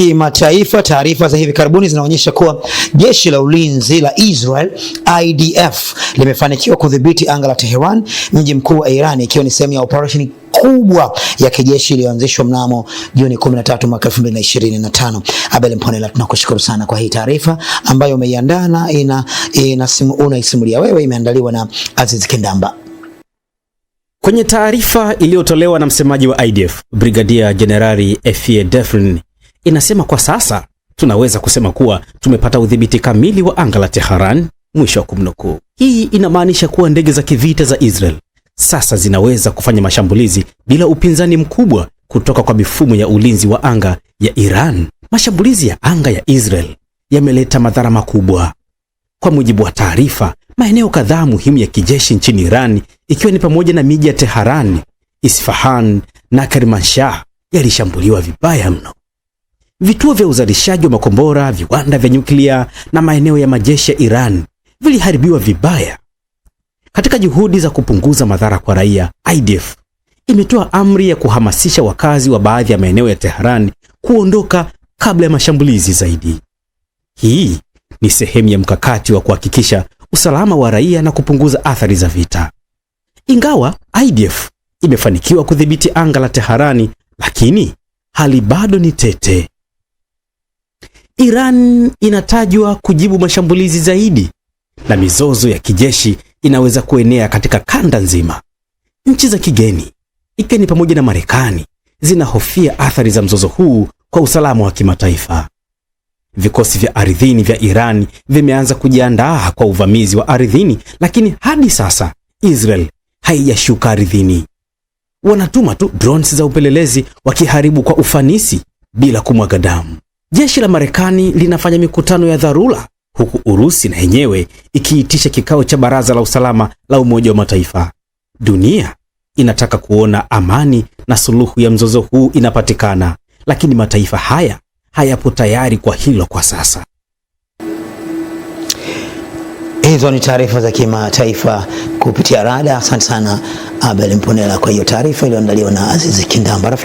Kimataifa, taarifa za hivi karibuni zinaonyesha kuwa jeshi la ulinzi la Israel IDF limefanikiwa kudhibiti anga la Tehran, mji mkuu wa Iran, ikiwa ni sehemu ya operesheni kubwa ya kijeshi iliyoanzishwa mnamo Juni 13 mwaka 2025. Abel Mponela, tunakushukuru sana kwa hii taarifa ambayo umeiandaa na ina, ina unaisimulia wewe, imeandaliwa na Aziz Kindamba. Kwenye taarifa iliyotolewa na msemaji wa IDF Brigadier Jenerali Efie Defrin inasema kwa sasa tunaweza kusema kuwa tumepata udhibiti kamili wa anga la Tehran, mwisho wa kumnukuu. Hii inamaanisha kuwa ndege za kivita za Israel sasa zinaweza kufanya mashambulizi bila upinzani mkubwa kutoka kwa mifumo ya ulinzi wa anga ya Iran. Mashambulizi ya anga ya Israel yameleta madhara makubwa. Kwa mujibu wa taarifa, maeneo kadhaa muhimu ya kijeshi nchini Iran, ikiwa ni pamoja na miji ya Teheran, Isfahan na Kermanshah yalishambuliwa vibaya mno. Vituo vya uzalishaji wa makombora, viwanda vya nyuklia na maeneo ya majeshi ya Iran viliharibiwa vibaya. Katika juhudi za kupunguza madhara kwa raia, IDF imetoa amri ya kuhamasisha wakazi wa baadhi ya maeneo ya Tehran kuondoka kabla ya mashambulizi zaidi. Hii ni sehemu ya mkakati wa kuhakikisha usalama wa raia na kupunguza athari za vita. Ingawa IDF imefanikiwa kudhibiti anga la Teherani, lakini hali bado ni tete. Iran inatajwa kujibu mashambulizi zaidi na mizozo ya kijeshi inaweza kuenea katika kanda nzima. Nchi za kigeni ikiwa ni pamoja na Marekani zinahofia athari za mzozo huu kwa usalama wa kimataifa. Vikosi vya ardhini vya Iran vimeanza kujiandaa kwa uvamizi wa ardhini, lakini hadi sasa Israel haijashuka ardhini. Wanatuma tu drones za upelelezi wakiharibu kwa ufanisi bila kumwaga damu. Jeshi la Marekani linafanya mikutano ya dharura huku Urusi na yenyewe ikiitisha kikao cha Baraza la Usalama la Umoja wa Mataifa. Dunia inataka kuona amani na suluhu ya mzozo huu inapatikana, lakini mataifa haya hayapo tayari kwa hilo kwa sasa. Hizo ni taarifa za kimataifa kupitia rada. Asante sana Abel Mponela kwa hiyo taarifa iliyoandaliwa na Azizi Kindamba.